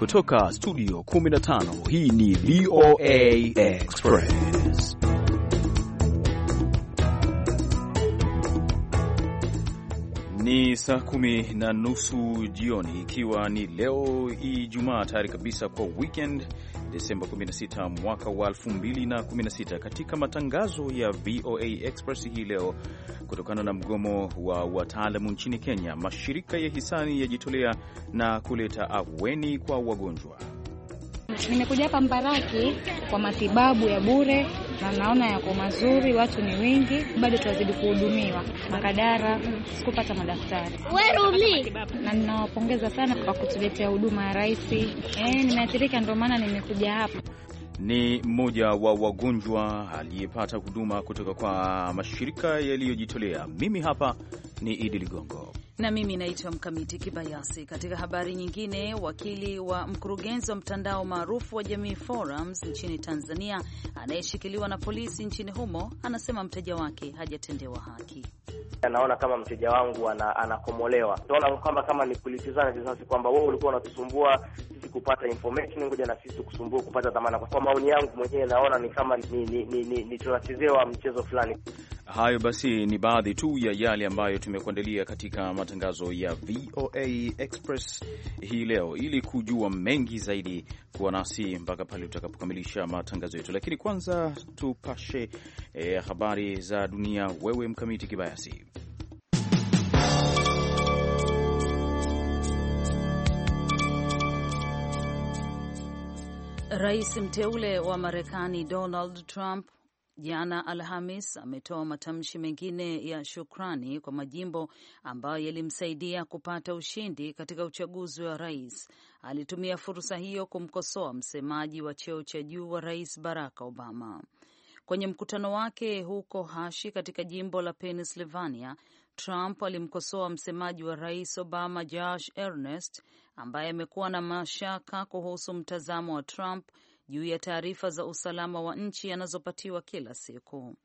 Kutoka studio 15 hii ni VOA Express. Ni saa kumi na nusu jioni, ikiwa ni leo Ijumaa, tayari kabisa kwa weekend Desemba 16 mwaka wa 2016 katika matangazo ya VOA Express hii leo. Kutokana na mgomo wa wataalamu nchini Kenya, mashirika ya hisani yajitolea na kuleta afueni kwa wagonjwa. Nimekuja hapa Mbaraki kwa matibabu ya bure na naona yako mazuri, watu ni wengi, bado tuwazidi kuhudumiwa. Makadara sikupata madaktari Werumi, na ninawapongeza sana kwa kutuletea huduma ya rais. Eh, nimeathirika ndio maana nimekuja hapa ni mmoja wa wagonjwa aliyepata huduma kutoka kwa mashirika yaliyojitolea. Mimi hapa ni Idi Ligongo na mimi naitwa Mkamiti Kibayasi. Katika habari nyingine, wakili wa mkurugenzi wa mtandao maarufu wa Jamii Forums nchini Tanzania anayeshikiliwa na polisi nchini humo anasema mteja wake hajatendewa haki. Anaona kama mteja wangu ana, anakomolewa. Tunaona kwamba kama ni kulipizana kisasi, kwamba wewe ulikuwa unatusumbua sisi kupata information, ngoja na sisi kusumbua kupata dhamana. Kwa maoni yangu mwenyewe, naona ni kama ni, ni, ni, ni, ni tunachezewa mchezo fulani. Hayo basi ni baadhi tu ya yale ambayo tumekuandalia katika matangazo ya VOA Express hii leo. Ili kujua mengi zaidi, kuwa nasi mpaka pale tutakapokamilisha matangazo yetu, lakini kwanza tupashe eh, habari za dunia. Wewe Mkamiti Kibayasi. Rais mteule wa Marekani Donald Trump jana Alhamis ametoa matamshi mengine ya shukrani kwa majimbo ambayo yalimsaidia kupata ushindi katika uchaguzi wa rais. Alitumia fursa hiyo kumkosoa msemaji wa cheo cha juu wa rais Barack Obama. Kwenye mkutano wake huko Hashi katika jimbo la Pennsylvania, Trump alimkosoa msemaji wa rais Obama Josh Earnest, ambaye amekuwa na mashaka kuhusu mtazamo wa Trump juu ya taarifa za usalama wa nchi anazopatiwa kila siku.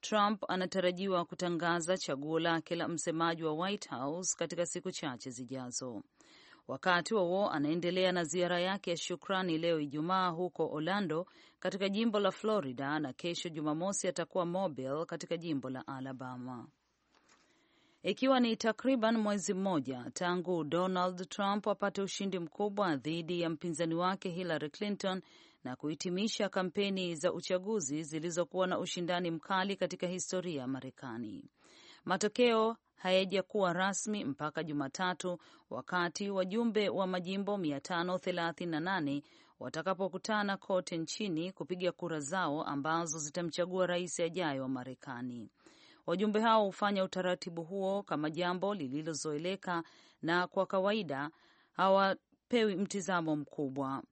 Trump anatarajiwa kutangaza chaguo lake la msemaji wa White House katika siku chache zijazo. Wakati huo anaendelea na ziara yake ya shukrani leo Ijumaa huko Orlando katika jimbo la Florida, na kesho Jumamosi atakuwa Mobile katika jimbo la Alabama. Ikiwa ni takriban mwezi mmoja tangu Donald Trump apate ushindi mkubwa dhidi ya mpinzani wake Hillary Clinton na kuhitimisha kampeni za uchaguzi zilizokuwa na ushindani mkali katika historia ya Marekani. Matokeo hayajakuwa rasmi mpaka Jumatatu wakati wajumbe wa majimbo 538 watakapokutana kote nchini kupiga kura zao ambazo zitamchagua rais ajayo wa Marekani. Wajumbe hao hufanya utaratibu huo kama jambo lililozoeleka na kwa kawaida hawapewi mtizamo mkubwa.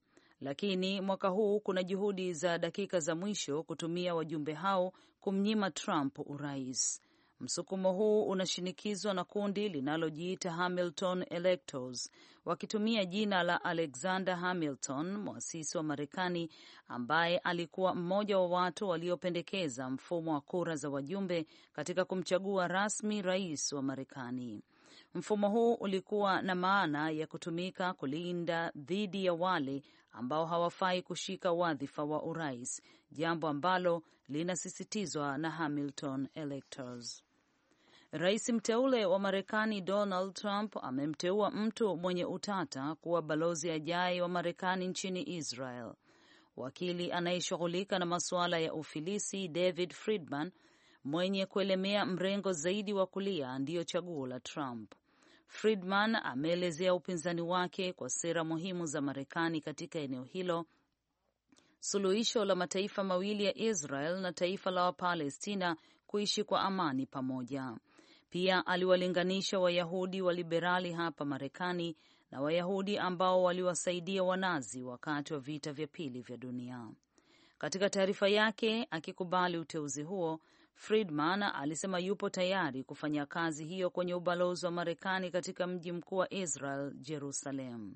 Lakini mwaka huu kuna juhudi za dakika za mwisho kutumia wajumbe hao kumnyima Trump urais. Msukumo huu unashinikizwa na kundi linalojiita Hamilton Electors, wakitumia jina la Alexander Hamilton, mwasisi wa Marekani ambaye alikuwa mmoja wa watu waliopendekeza mfumo wa kura za wajumbe katika kumchagua rasmi rais wa Marekani. Mfumo huu ulikuwa na maana ya kutumika kulinda dhidi ya wale ambao hawafai kushika wadhifa wa urais, jambo ambalo linasisitizwa na Hamilton Electors. Rais mteule wa Marekani Donald Trump amemteua mtu mwenye utata kuwa balozi ajaye wa Marekani nchini Israel. Wakili anayeshughulika na masuala ya ufilisi David Friedman mwenye kuelemea mrengo zaidi wa kulia ndiyo chaguo la Trump. Friedman ameelezea upinzani wake kwa sera muhimu za Marekani katika eneo hilo, suluhisho la mataifa mawili ya Israel na taifa la Wapalestina kuishi kwa amani pamoja. Pia aliwalinganisha Wayahudi wa liberali hapa Marekani na Wayahudi ambao waliwasaidia Wanazi wakati wa vita vya pili vya dunia. Katika taarifa yake akikubali uteuzi huo, Friedman alisema yupo tayari kufanya kazi hiyo kwenye ubalozi wa Marekani katika mji mkuu wa Israel, Jerusalem.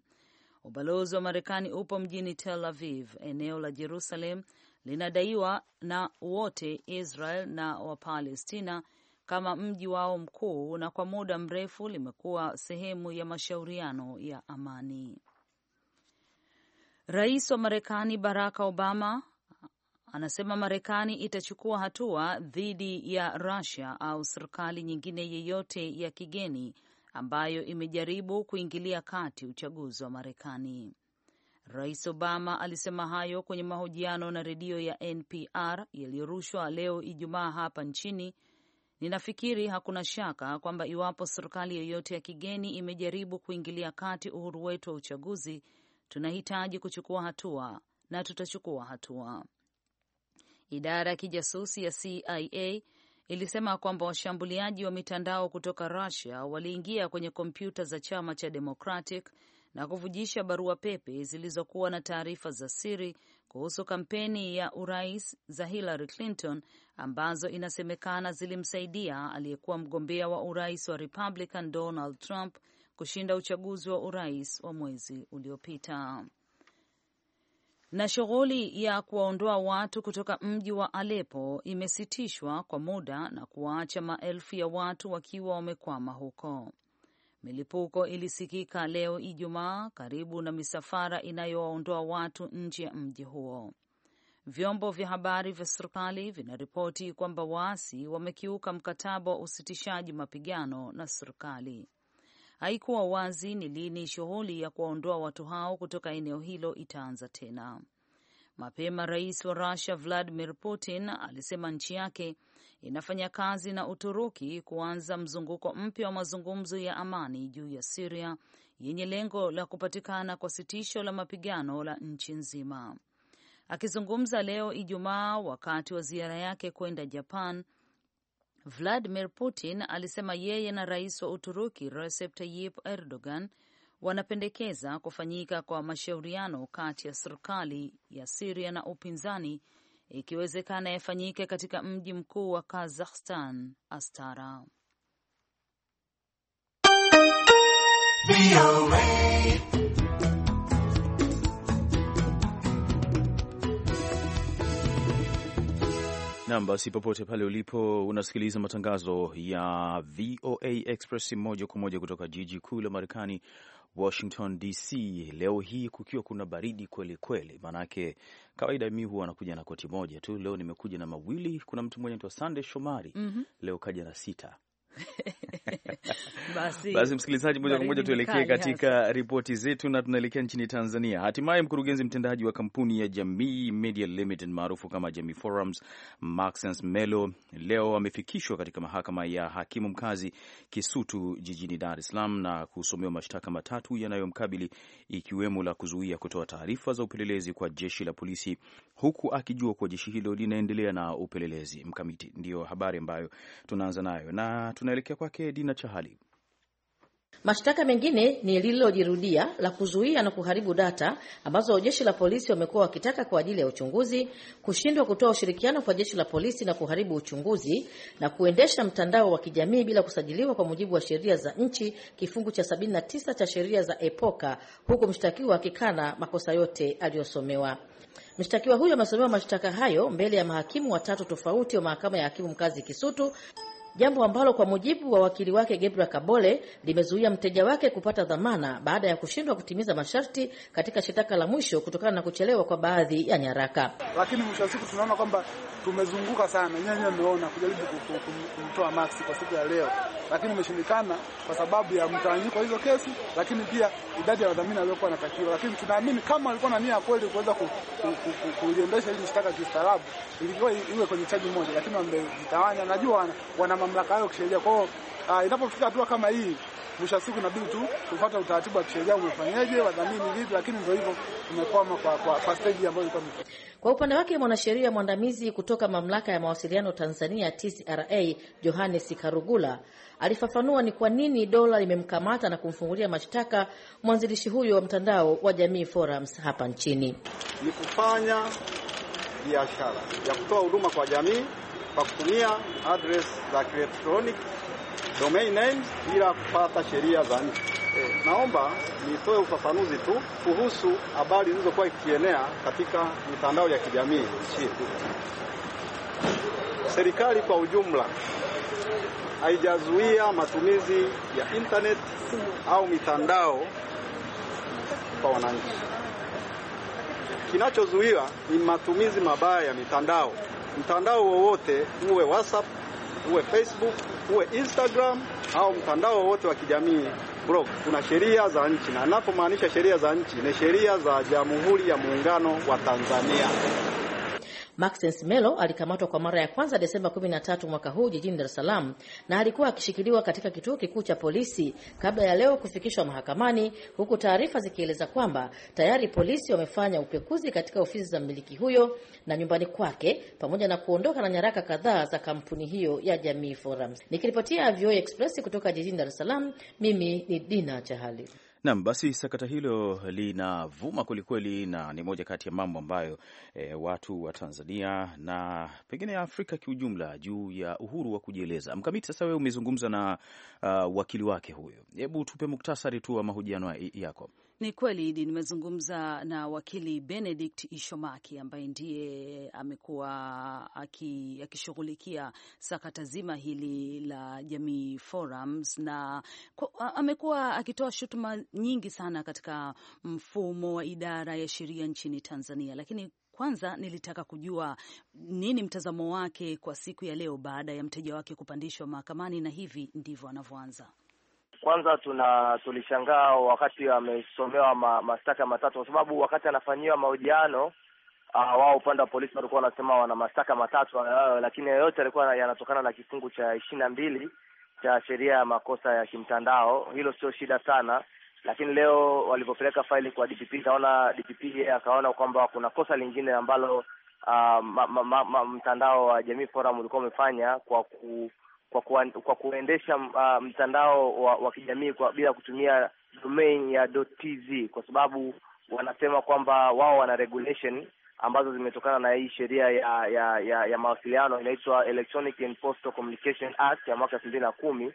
Ubalozi wa Marekani upo mjini Tel Aviv. Eneo la Jerusalem linadaiwa na wote Israel na Wapalestina kama mji wao mkuu na kwa muda mrefu limekuwa sehemu ya mashauriano ya amani. Rais wa Marekani Barack Obama anasema Marekani itachukua hatua dhidi ya Russia au serikali nyingine yeyote ya kigeni ambayo imejaribu kuingilia kati uchaguzi wa Marekani. Rais Obama alisema hayo kwenye mahojiano na redio ya NPR yaliyorushwa leo Ijumaa hapa nchini. Ninafikiri hakuna shaka kwamba iwapo serikali yoyote ya kigeni imejaribu kuingilia kati uhuru wetu wa uchaguzi, tunahitaji kuchukua hatua na tutachukua hatua. Idara ya kijasusi ya CIA ilisema kwamba washambuliaji wa mitandao kutoka Russia waliingia kwenye kompyuta za chama cha Democratic na kuvujisha barua pepe zilizokuwa na taarifa za siri kuhusu kampeni ya urais za Hillary Clinton ambazo inasemekana zilimsaidia aliyekuwa mgombea wa urais wa Republican Donald Trump kushinda uchaguzi wa urais wa mwezi uliopita. Na shughuli ya kuwaondoa watu kutoka mji wa Aleppo imesitishwa kwa muda na kuwaacha maelfu ya watu wakiwa wamekwama huko. Milipuko ilisikika leo Ijumaa karibu na misafara inayowaondoa watu nje ya mji huo. Vyombo vya habari vya serikali vinaripoti kwamba waasi wamekiuka mkataba wa usitishaji mapigano na serikali haikuwa wazi ni lini shughuli ya kuwaondoa watu hao kutoka eneo hilo itaanza tena. Mapema rais wa Rusia Vladimir Putin alisema nchi yake inafanya kazi na Uturuki kuanza mzunguko mpya wa mazungumzo ya amani juu ya Siria yenye lengo la kupatikana kwa sitisho la mapigano la nchi nzima. Akizungumza leo Ijumaa wakati wa ziara yake kwenda Japan, Vladimir Putin alisema yeye na rais wa Uturuki Recep Tayyip Erdogan wanapendekeza kufanyika kwa mashauriano kati ya serikali ya Siria na upinzani, ikiwezekana yafanyike katika mji mkuu wa Kazakhstan, Astara. Nam, basi popote pale ulipo unasikiliza matangazo ya VOA Express moja kwa moja kutoka jiji kuu la Marekani, Washington DC. Leo hii kukiwa kuna baridi kweli kweli, maanake kawaida mi huwa anakuja na koti moja tu, leo nimekuja na mawili. Kuna mtu mmoja anaitwa Sande Shomari, mm -hmm. leo kaja na sita Basi, basi msikilizaji, moja kwa moja tuelekee katika ripoti zetu, na tunaelekea nchini Tanzania. Hatimaye mkurugenzi mtendaji wa kampuni ya Jamii Media Limited maarufu kama Jamii Forums, Maxence Melo leo amefikishwa katika mahakama ya hakimu mkazi Kisutu jijini Dar es Salaam na kusomewa mashtaka matatu yanayomkabili ikiwemo la kuzuia kutoa taarifa za upelelezi kwa jeshi la polisi, huku akijua kuwa jeshi hilo linaendelea na upelelezi mkamiti. Ndiyo habari ambayo tunaanza nayo na tuna Tunaelekea kwake Dina Chahali. Mashtaka mengine ni lililojirudia la kuzuia na kuharibu data ambazo jeshi la polisi wamekuwa wakitaka kwa ajili ya uchunguzi, kushindwa kutoa ushirikiano kwa jeshi la polisi na kuharibu uchunguzi, na kuendesha mtandao wa kijamii bila kusajiliwa kwa mujibu wa sheria za nchi, kifungu cha 79 cha sheria za EPOKA, huku mshtakiwa akikana makosa yote aliyosomewa. Mshtakiwa huyo amesomewa mashtaka hayo mbele ya mahakimu watatu tofauti wa mahakama ya hakimu mkazi Kisutu jambo ambalo kwa mujibu wa wakili wake Gebra Kabole limezuia mteja wake kupata dhamana baada ya kushindwa kutimiza masharti katika shitaka la mwisho kutokana na kuchelewa kwa baadhi ya nyaraka. Lakini mwisho wa siku tunaona kwamba tumezunguka sana, nyenye mmeona kujaribu kumtoa Max kwa siku ya leo, lakini imeshindikana kwa sababu ya mtawanyiko wa hizo kesi, lakini pia idadi ya wadhamini waliokuwa wanatakiwa. Lakini tunaamini kama walikuwa na nia ya kweli kuweza kuliendesha hili shtaka kistaarabu, ilikuwa iwe kwenye chaji moja, lakini wamejitawanya. Najua wana mamlaka yao kisheria. Kwa hiyo uh, inapofika hatua kama hii, mwisho siku inabidi tu kufuata utaratibu wa kisheria, umefanyaje, wadhamini vipi, lakini ndio hivyo tumekwama kwa, kwa, kwa ambayo ilikuwa kwa upande wake mwanasheria mwandamizi kutoka mamlaka ya mawasiliano Tanzania TCRA Johannes Karugula alifafanua ni kwa nini dola limemkamata na kumfungulia mashtaka mwanzilishi huyo wa mtandao wa Jamii Forums hapa nchini. Ni kufanya biashara ya kutoa huduma kwa jamii kwa kutumia address za kielektroniki domain name bila kupata sheria za nchi. E, eh. naomba nitoe ufafanuzi tu kuhusu habari zilizokuwa ikienea katika mitandao ya kijamii nchini. Serikali kwa ujumla haijazuia matumizi ya internet au mitandao kwa wananchi. Kinachozuiwa ni matumizi mabaya ya mitandao mtandao wowote uwe WhatsApp, uwe Facebook, uwe Instagram au mtandao wowote wa kijamii blog, kuna sheria za nchi, na anapomaanisha sheria za nchi ni sheria za Jamhuri ya Muungano wa Tanzania. Maxence Melo alikamatwa kwa mara ya kwanza Desemba 13 mwaka huu jijini Dar es Salaam na alikuwa akishikiliwa katika kituo kikuu cha polisi kabla ya leo kufikishwa mahakamani, huku taarifa zikieleza kwamba tayari polisi wamefanya upekuzi katika ofisi za mmiliki huyo na nyumbani kwake pamoja na kuondoka na nyaraka kadhaa za kampuni hiyo ya Jamii Forums. Nikiripotia VOA Express kutoka jijini Dar es Salaam, mimi ni Dina Chahali. Nam, basi sakata hilo linavuma kwelikweli, na ni moja kati ya mambo ambayo e, watu wa Tanzania na pengine Afrika kiujumla juu ya uhuru wa kujieleza. Mkamiti, sasa wewe umezungumza na uh, wakili wake huyo, hebu tupe muktasari tu wa mahojiano yako. Ni kweli nimezungumza na wakili Benedict Ishomaki ambaye ndiye amekuwa akishughulikia sakata zima hili la Jamii Forums, na amekuwa akitoa shutuma nyingi sana katika mfumo wa idara ya sheria nchini Tanzania, lakini kwanza nilitaka kujua nini mtazamo wake kwa siku ya leo baada ya mteja wake kupandishwa mahakamani, na hivi ndivyo anavyoanza. Kwanza tuna tulishangaa wakati amesomewa ma, mashtaka matatu, kwa sababu wakati anafanyiwa mahojiano Uh, wao upande wa polisi walikuwa wanasema wana mashtaka matatu hayo, lakini yote yalikuwa yanatokana na kifungu cha ishirini na mbili cha sheria ya makosa ya kimtandao. Hilo sio shida sana, lakini leo walivyopeleka faili kwa DPP, kaona DPP akaona kwamba kuna kosa lingine ambalo uh, ma, ma, ma, mtandao wa Jamii Forum ulikuwa umefanya kwa ku kwa, kwa, kwa kuendesha uh, mtandao wa, wa kijamii kwa bila kutumia domain ya .tz kwa sababu wanasema kwamba wao wana regulation ambazo zimetokana na hii sheria ya ya ya, ya mawasiliano inaitwa Electronic and Postal Communication Act ya mwaka elfu mbili na kumi.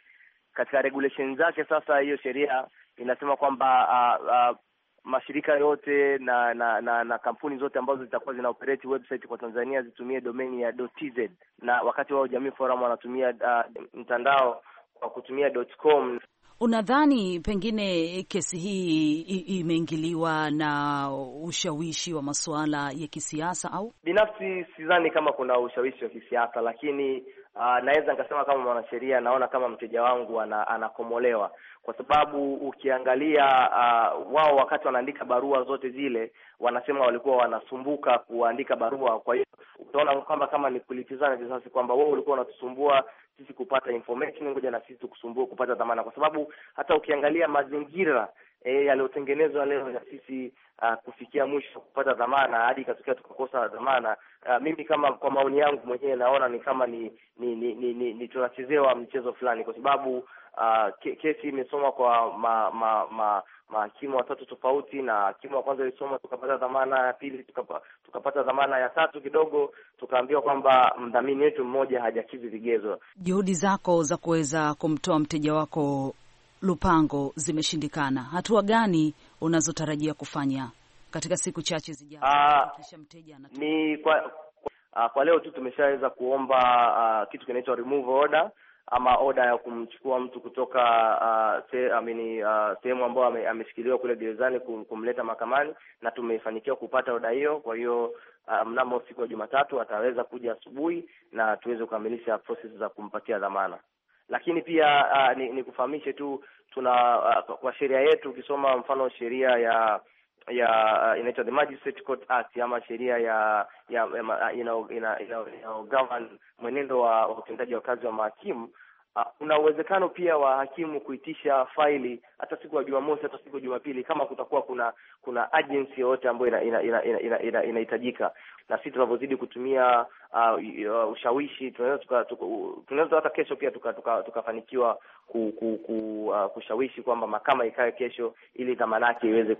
Katika regulation zake sasa, hiyo sheria inasema kwamba uh, uh, mashirika yote na na, na na kampuni zote ambazo zitakuwa zina operate website kwa Tanzania zitumie domain ya .tz na wakati wao Jamii Forum wanatumia uh, mtandao kwa kutumia .com. Unadhani pengine kesi hii imeingiliwa na ushawishi wa masuala ya kisiasa au? Binafsi sidhani kama kuna ushawishi wa kisiasa, lakini uh, naweza nikasema kama mwanasheria, naona kama mteja wangu ana, anakomolewa kwa sababu ukiangalia uh, wao wakati wanaandika barua zote zile wanasema walikuwa wanasumbuka kuandika barua. Kwa hiyo utaona kwamba kama ni kulipizana kisasi, kwamba wewe ulikuwa unatusumbua sisi kupata information, ngoja na sisi tukusumbue kupata dhamana, kwa sababu hata ukiangalia mazingira e, yaliyotengenezwa leo ya sisi uh, kufikia mwisho kupata dhamana hadi ikatokea tukakosa dhamana. Uh, mimi kama kwa maoni yangu mwenyewe naona ni kama ni ni, ni, ni, ni, ni tunachezewa mchezo fulani, kwa sababu uh, ke, kesi imesoma kwa ma, ma, ma mahakimu watatu tofauti, na hakimu wa kwanza ilisoma tukapata dhamana ya pili, tukapa, tukapata dhamana ya tatu kidogo, tukaambiwa kwamba mdhamini wetu mmoja hajakidhi vigezo. Juhudi zako za kuweza kumtoa mteja wako Lupango zimeshindikana, hatua gani unazotarajia kufanya katika siku chache zijazo? Ah, ni kwa, kwa, ah, kwa leo tu tumeshaweza kuomba uh, kitu kinaitwa remove order ama oda ya kumchukua mtu kutoka uh, se, I mean, uh, sehemu ambayo ame, ameshikiliwa kule gerezani kum, kumleta mahakamani na tumefanikiwa kupata oda hiyo. Kwa hiyo uh, mnamo siku ya Jumatatu ataweza kuja asubuhi na tuweze kukamilisha process za kumpatia dhamana lakini pia uh, ni, ni kufahamishe tu tuna uh, kwa sheria yetu ukisoma mfano sheria ya ya uh, inaitwa the Magistrate Court Act ama sheria ya ya, ya ina govern mwenendo wa utendaji wa kazi wa mahakimu kuna uh, uwezekano pia wa hakimu kuitisha faili hata siku ya Jumamosi hata siku ya Jumapili kama kutakuwa kuna kuna agency yoyote ambayo inahitajika ina, ina, ina, ina, ina na sisi tunavyozidi kutumia uh, uh, ushawishi tunaweza tunaweza hata kesho pia tukafanikiwa tuka, tuka ku, ku, ku, uh, kushawishi kwamba mahakama ikae kesho ili dhamana yake iweze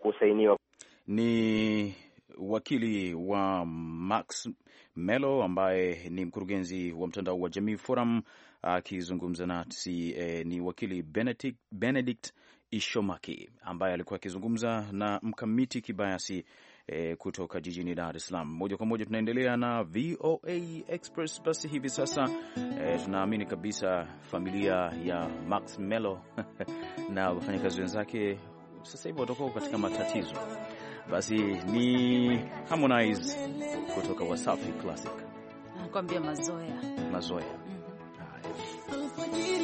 kusainiwa. Ni wakili wa Max Melo ambaye ni mkurugenzi wa mtandao wa Jamii Forum akizungumza nasi. Eh, ni wakili Benedict, Benedict Ishomaki ambaye alikuwa akizungumza na mkamiti Kibayasi e, kutoka jijini Dar es Salaam. Moja kwa moja tunaendelea na VOA Express. Basi hivi sasa e, tunaamini kabisa familia ya Max Mello na wafanyakazi wenzake sasa hivi watakuwa katika matatizo. Basi ni Harmonize kutoka Wasafi Classic, nakwambia mazoea, mazoea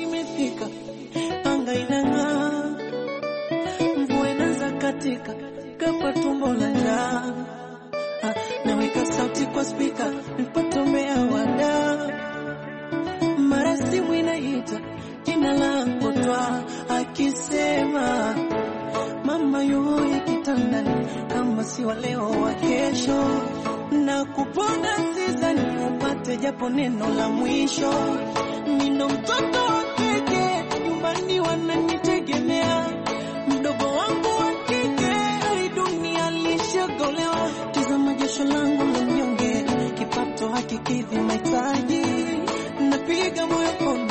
imefika anga inang'aa, mvua inaanza katika kapa tumbo kwa spika nipotomea wada, mara simu inaita jina langu twa, akisema mama yui kitandani, kama si wa leo wa kesho, na kupona sizani upate japo neno la mwisho, nindo mtoto akikidhi mahitaji, napiga moyo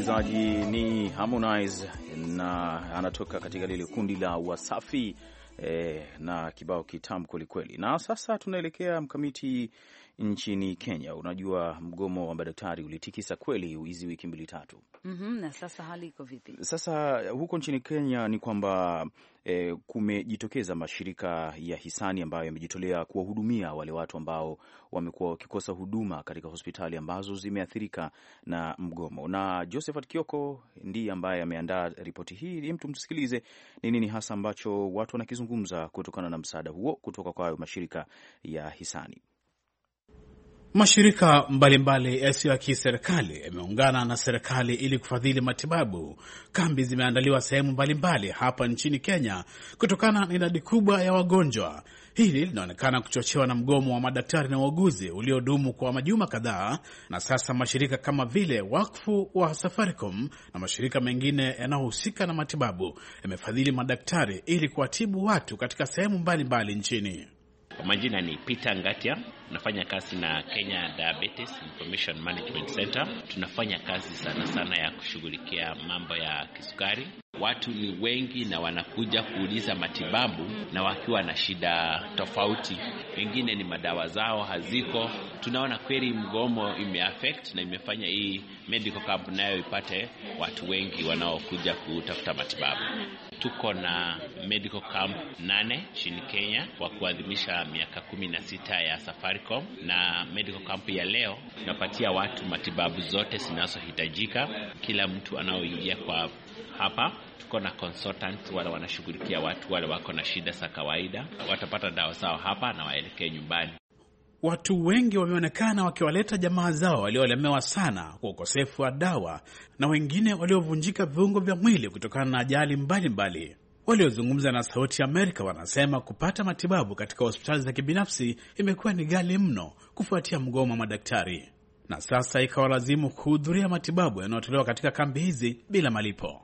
msikilizaji ni Harmonize na anatoka katika lile kundi la Wasafi eh, na kibao kitamu kwelikweli. Na sasa tunaelekea mkamiti nchini Kenya. Unajua, mgomo wa madaktari ulitikisa kweli hizi wiki mbili tatu. mm -hmm, na sasa hali iko vipi? Sasa huko nchini Kenya ni kwamba e, kumejitokeza mashirika ya hisani ambayo yamejitolea kuwahudumia wale watu ambao wamekuwa wakikosa huduma katika hospitali ambazo zimeathirika na mgomo. Na Josephat Kioko ndiye ambaye ameandaa ripoti hii ili mtu mtusikilize ni nini hasa ambacho watu wanakizungumza kutokana na msaada huo kutoka kwa hayo mashirika ya hisani. Mashirika mbalimbali yasiyo ya kiserikali yameungana na serikali ili kufadhili matibabu. Kambi zimeandaliwa sehemu mbalimbali hapa nchini Kenya kutokana na idadi kubwa ya wagonjwa. Hili linaonekana kuchochewa na mgomo wa madaktari na wauguzi uliodumu kwa majuma kadhaa, na sasa mashirika kama vile wakfu wa Safaricom na mashirika mengine yanayohusika na matibabu yamefadhili madaktari ili kuwatibu watu katika sehemu mbalimbali nchini. Kwa majina ni Peter Ngatia Tunafanya kazi na Kenya Diabetes Information Management Center. Tunafanya kazi sana sana ya kushughulikia mambo ya kisukari. Watu ni wengi na wanakuja kuuliza matibabu na wakiwa na shida tofauti, wengine ni madawa zao haziko. Tunaona kweli mgomo imeaffect na imefanya hii medical camp nayo ipate watu wengi wanaokuja kutafuta matibabu. Tuko na medical camp nane nchini Kenya kwa kuadhimisha miaka kumi na sita ya safari Medicom na medical camp ya leo tunapatia watu matibabu zote zinazohitajika. Kila mtu anaoingia kwa hapa, tuko na consultant wale wanashughulikia watu wale wako na shida za kawaida, watapata dawa zao hapa na waelekee nyumbani. Watu wengi wameonekana wakiwaleta jamaa zao waliolemewa sana kwa ukosefu wa dawa na wengine waliovunjika viungo vya mwili kutokana na ajali mbalimbali mbali. Waliozungumza na Sauti ya Amerika wanasema kupata matibabu katika hospitali za kibinafsi imekuwa ni ghali mno kufuatia mgomo wa madaktari, na sasa ikawalazimu kuhudhuria matibabu yanayotolewa katika kambi hizi bila malipo.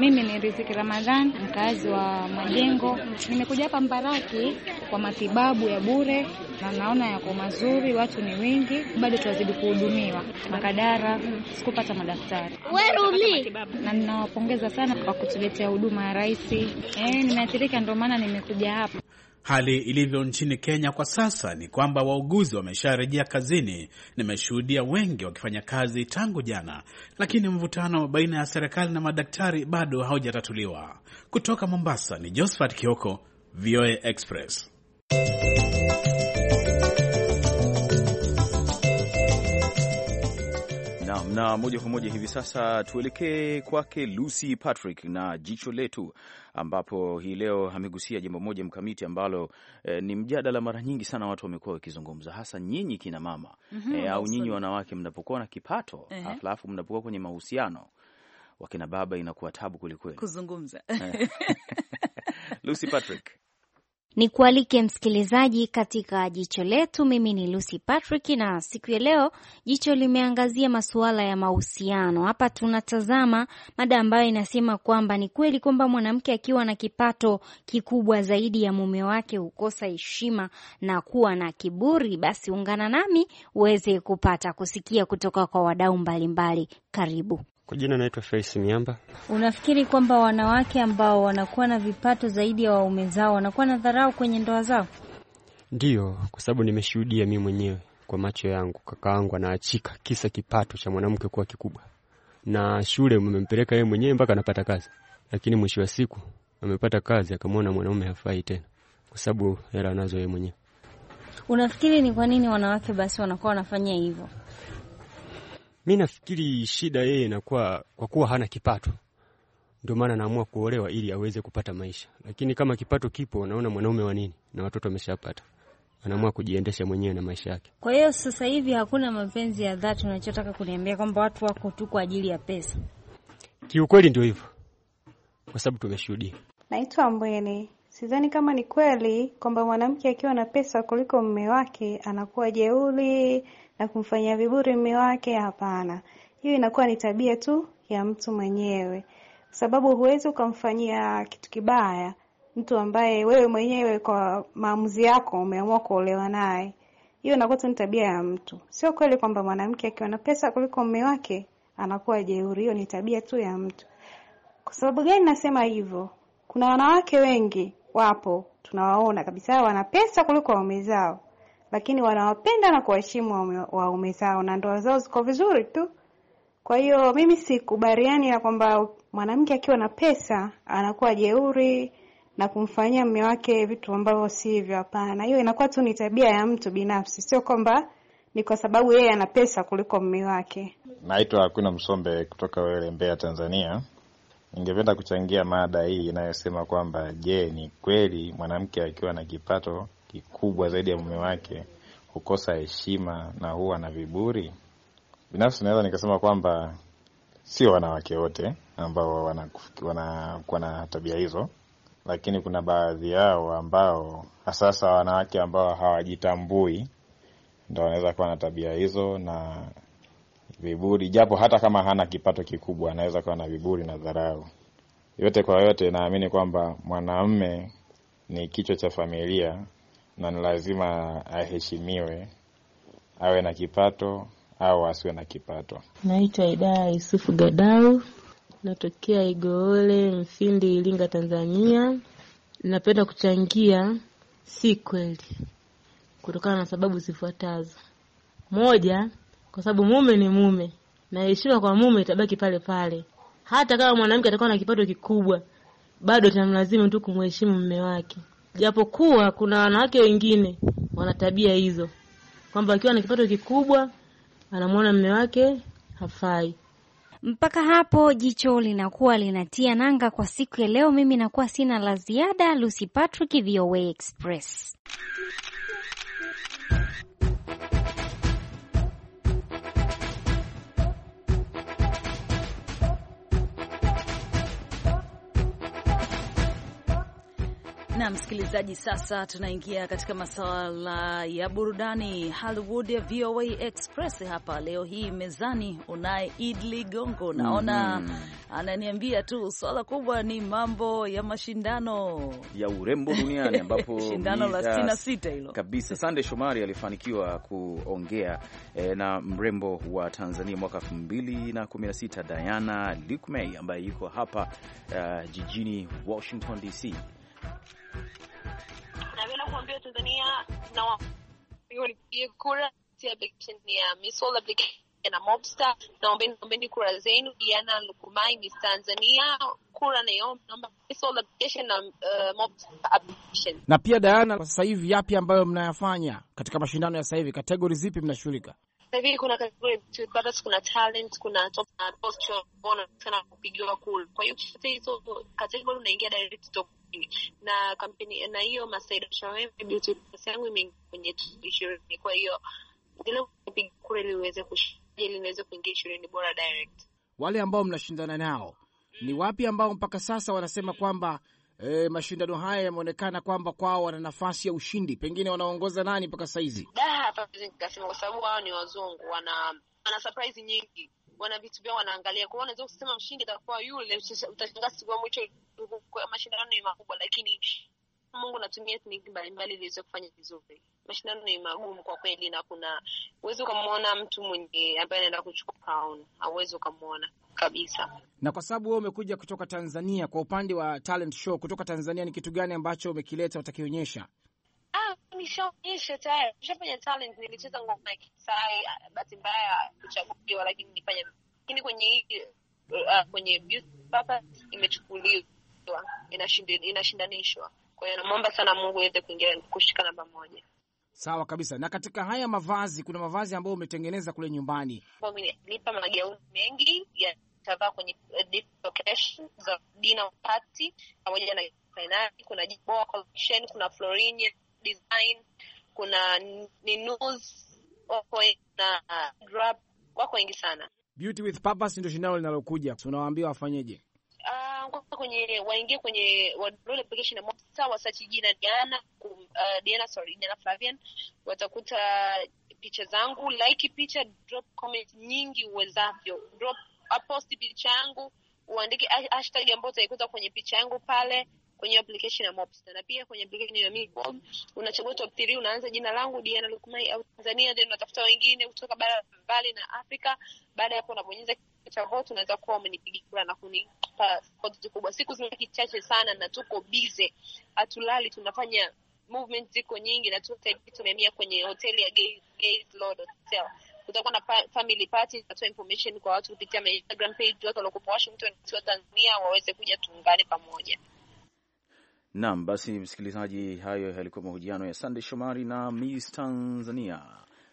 Mimi ni Riziki Ramadhan, mkazi wa Majengo. Nimekuja hapa Mbaraki kwa matibabu ya bure, na naona yako mazuri, watu ni wengi, bado tunazidi kuhudumiwa. Makadara sikupata madaktari werumi, na ninawapongeza sana kwa kutuletea huduma ya rahisi. Eh, nimeathirika ndio maana nimekuja hapa. Hali ilivyo nchini Kenya kwa sasa ni kwamba wauguzi wamesharejea kazini. Nimeshuhudia wengi wakifanya kazi tangu jana, lakini mvutano baina ya serikali na madaktari bado haujatatuliwa. Kutoka Mombasa ni Josephat Kioko, VOA Express. na moja kwa moja hivi sasa tuelekee kwake Lucy Patrick na jicho letu, ambapo hii leo amegusia jambo moja mkamiti ambalo eh, ni mjadala mara nyingi sana watu wamekuwa wakizungumza, hasa nyinyi kina mama mm -hmm, eh, au nyinyi wanawake mnapokuwa na kipato mm -hmm, alafu mnapokuwa kwenye mahusiano wakina baba inakuwa tabu kwelikweli kuzungumza eh. Lucy Patrick ni kualike msikilizaji katika jicho letu. Mimi ni Lucy Patrick, na siku ya leo jicho limeangazia masuala ya mahusiano. Hapa tunatazama mada ambayo inasema kwamba ni kweli kwamba mwanamke akiwa na kipato kikubwa zaidi ya mume wake hukosa heshima na kuwa na kiburi. Basi ungana nami uweze kupata kusikia kutoka kwa wadau mbalimbali. Karibu. Kwa jina naitwa Faisi Miamba. Unafikiri kwamba wanawake ambao wanakuwa na vipato zaidi ya waume zao wanakuwa na dharau kwenye ndoa zao? Ndiyo, kwa sababu nimeshuhudia mimi mwenyewe kwa macho yangu, yangu anaachika kisa kipato cha mwanamke kuwa kikubwa, na shule mmempeleka yeye mwenyewe mpaka anapata kazi, lakini mwisho wa siku amepata kazi akamwona mwanaume hafai tena, kwa sababu hela anazo yeye mwenyewe. Unafikiri ni kwa nini wanawake basi wanakuwa wanafanya hivyo? Mi nafikiri shida yeye inakuwa kwa kuwa hana kipato, ndio maana anaamua kuolewa ili aweze kupata maisha. Lakini kama kipato kipo, naona mwanaume wa nini na watoto ameshapata, anaamua kujiendesha mwenyewe na maisha yake. Kwa hiyo sasa hivi hakuna mapenzi ya dhati. Unachotaka kuniambia kwamba watu wako tu kwa ajili ya pesa? Kiukweli ndio hivyo, kwa sababu tumeshuhudia. Naitwa Mbweni. Sidhani kama ni kweli kwamba mwanamke akiwa na pesa kuliko mume wake anakuwa jeuri na kumfanyia viburi mume wake hapana. Hiyo inakuwa ni tabia tu ya mtu mwenyewe, kwa sababu huwezi ukamfanyia kitu kibaya mtu ambaye wewe mwenyewe kwa maamuzi yako umeamua kuolewa naye. Hiyo inakuwa tu ni tabia ya mtu. Sio kweli kwamba mwanamke akiwa na pesa kuliko mume wake anakuwa jeuri. Hiyo ni tabia tu ya mtu. Kwa sababu gani nasema hivyo? Kuna wanawake wengi wapo, tunawaona kabisa wana pesa kuliko waume zao, lakini wanawapenda na kuwaheshimu waume zao na ndoa zao ziko vizuri tu. Kwa hiyo mimi sikubaliani na kwamba mwanamke akiwa na pesa anakuwa jeuri na kumfanyia mume wake vitu ambavyo hivyo. Hapana, hiyo inakuwa tu ni tabia ya mtu binafsi, sio kwamba ni kwa sababu yeye ana pesa kuliko mume wake. Naitwa Akwina Msombe kutoka Wele, Mbeya, Tanzania. Ningependa kuchangia mada hii inayosema kwamba je, ni kweli mwanamke akiwa na kipato kikubwa zaidi ya mume wake hukosa heshima na huwa na viburi? Binafsi naweza nikasema kwamba sio wanawake wote ambao wanakuwa na tabia hizo, lakini kuna baadhi yao ambao hasasa wanawake ambao hawajitambui ndo wanaweza kuwa na tabia hizo na viburi, japo hata kama hana kipato kikubwa anaweza kuwa na viburi na dharau. Yote kwa yote, naamini kwamba mwanamume ni kichwa cha familia na ni lazima aheshimiwe, awe na kipato au asiwe na kipato. Naitwa Idaya Yusufu Gadau, natokea Igoole, Mfindi, Iringa, Tanzania. Napenda kuchangia si kweli kutokana na sababu zifuatazo. Moja, kwa sababu mume ni mume na heshima kwa mume itabaki pale pale, hata kama mwanamke atakuwa na kipato kikubwa, bado tamlazimu tu kumheshimu mume wake japokuwa kuna wanawake wengine wana tabia hizo, kwamba akiwa na kipato kikubwa anamwona mme wake hafai. Mpaka hapo jicho linakuwa linatia nanga kwa siku ya leo. Mimi nakuwa sina la ziada. Lucy Patrick, VOA Express. na msikilizaji, sasa tunaingia katika masuala ya burudani. Hollywood ya VOA Express hapa leo hii mezani, unaye Idi Ligongo. Naona mm, ananiambia tu swala kubwa ni mambo ya mashindano ya urembo duniani ambapo shindano la 66 hilo kabisa. Sande Shomari alifanikiwa kuongea eh, na mrembo wa Tanzania mwaka sita Diana Lukmey ambaye yuko hapa uh, jijini Washington DC. Napenda kuambia Tanzania na kura ya Application na Mobster. Naombeni, naombeni kura zenu. Diana Lukumai, Tanzania, kura naomba Application na uh, Mobster Application. Na pia Diana, kwa sasa hivi yapi ambayo mnayafanya katika mashindano ya sasa hivi? Kategori zipi mnashughulika? Sasa hivi kuna kategori kuna talent, kuna top na post, kupigiwa kura. Kwa hiyo hizo kategori unaingia direct top na kampeni na hiyo Masaida yangu imeingia kwenye ishirini. Kwa hiyo zile kupiga kura ili uweze kushinda, ili niweze kuingia ishirini bora direct. Wale ambao mnashindana nao ni mm. wapi ambao mpaka sasa wanasema kwamba E, mashindano haya yameonekana kwamba kwao wana nafasi ya ushindi, pengine wanaongoza nani mpaka saa Da, hapa nikasema kwa sababu wao ni wazungu, wana wana surprise nyingi wana vitu vyao wanaangalia kwao, unaweza kusema mshindi atakuwa yule. Utashangaa siku ya mwisho mashindano ni makubwa, lakini Mungu natumia tekniki mbalimbali iliweza kufanya vizuri. Mashindano ni magumu kwa kweli, na kuna uwezi ukamwona mtu mwenye ambaye anaenda kuchukua crown, hauwezi ukamwona kabisa. Na kwa sababu wewe umekuja kutoka Tanzania, kwa upande wa talent show kutoka Tanzania, ni kitu gani ambacho umekileta utakionyesha nishaonyesha tayari, nishafanya talent, nilicheza ngoma ya Kisai, bahati mbaya kuchaguliwa, lakini nilifanya. Lakini kwenye hii uh, kwenye beauty papa imechukuliwa, inashindanishwa. Kwa hiyo namwomba sana Mungu iweze kuingia kushika namba moja. Sawa kabisa. Na katika haya mavazi, kuna mavazi ambayo umetengeneza kule nyumbani? Nipa magauni mengi yatavaa tavaa kwenye eh, location za dinner party pamoja na finali. Kuna Jiboa collection, kuna Florinia design, kuna ninus, wako na grab wako wengi sana. Beauty with Purpose ndio shindano linalokuja, unawaambia wafanyeje? Uh, kwenye waingie kwenye wadole application na Mosta wasachi jina Diana uh, Diana sorry, Diana Flavian watakuta picha zangu, like picha, drop comment nyingi uwezavyo, drop a post picha yangu, uandike hashtag ambayo utaikuta kwenye picha yangu pale, kwenye application ya Mopsta, na pia kwenye application ya Milcom unachagua top 3, unaanza jina langu Diana Lukmai au Tanzania, then unatafuta wengine kutoka bara mbali na Afrika. Baada ya hapo unabonyeza cha vote, unaweza kuwa umenipigia kura na kunipa support kubwa. Siku zimebaki chache sana na tuko busy, hatulali, tunafanya movement ziko nyingi na tuko tumehamia kwenye hoteli ya Gates Lord Hotel. Kutakuwa na family party, tutatoa information kwa watu kupitia Instagram page. Watu walokuwa Washington, Tanzania waweze kuja tuungane pamoja. Naam, basi msikilizaji, hayo yalikuwa mahojiano ya Sande Shomari na Miss Tanzania.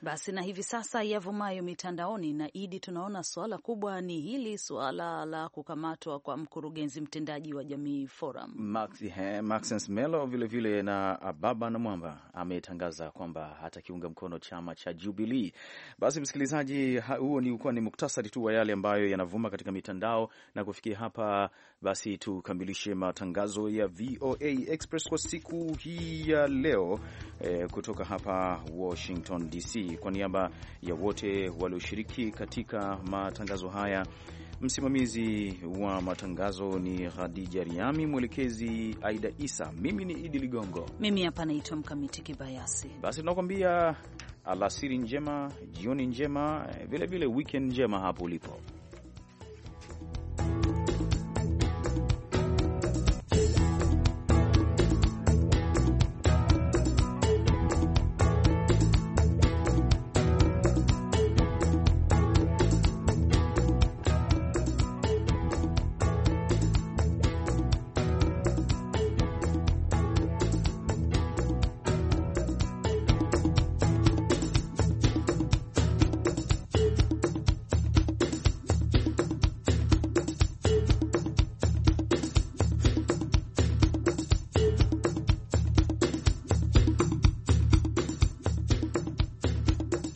Basi na hivi sasa yavumayo mitandaoni na Idi, tunaona suala kubwa ni hili suala la kukamatwa kwa mkurugenzi mtendaji wa Jamii Forum eh, Maxence Melo vilevile na Ababa na Mwamba ametangaza kwamba hatakiunga mkono chama cha Jubilee. Basi msikilizaji, huo ni ukuwa ni muktasari tu wa yale ambayo yanavuma katika mitandao, na kufikia hapa basi tukamilishe matangazo ya VOA Express kwa siku hii ya leo eh, kutoka hapa Washington DC. Kwa niaba ya wote walioshiriki katika matangazo haya, msimamizi wa matangazo ni Khadija Riami, mwelekezi Aida Isa, mimi ni Idi Ligongo, mimi hapa naitwa Mkamiti Kibayasi. Basi tunakuambia alasiri njema, jioni njema, vilevile eh, weekend njema hapo ulipo.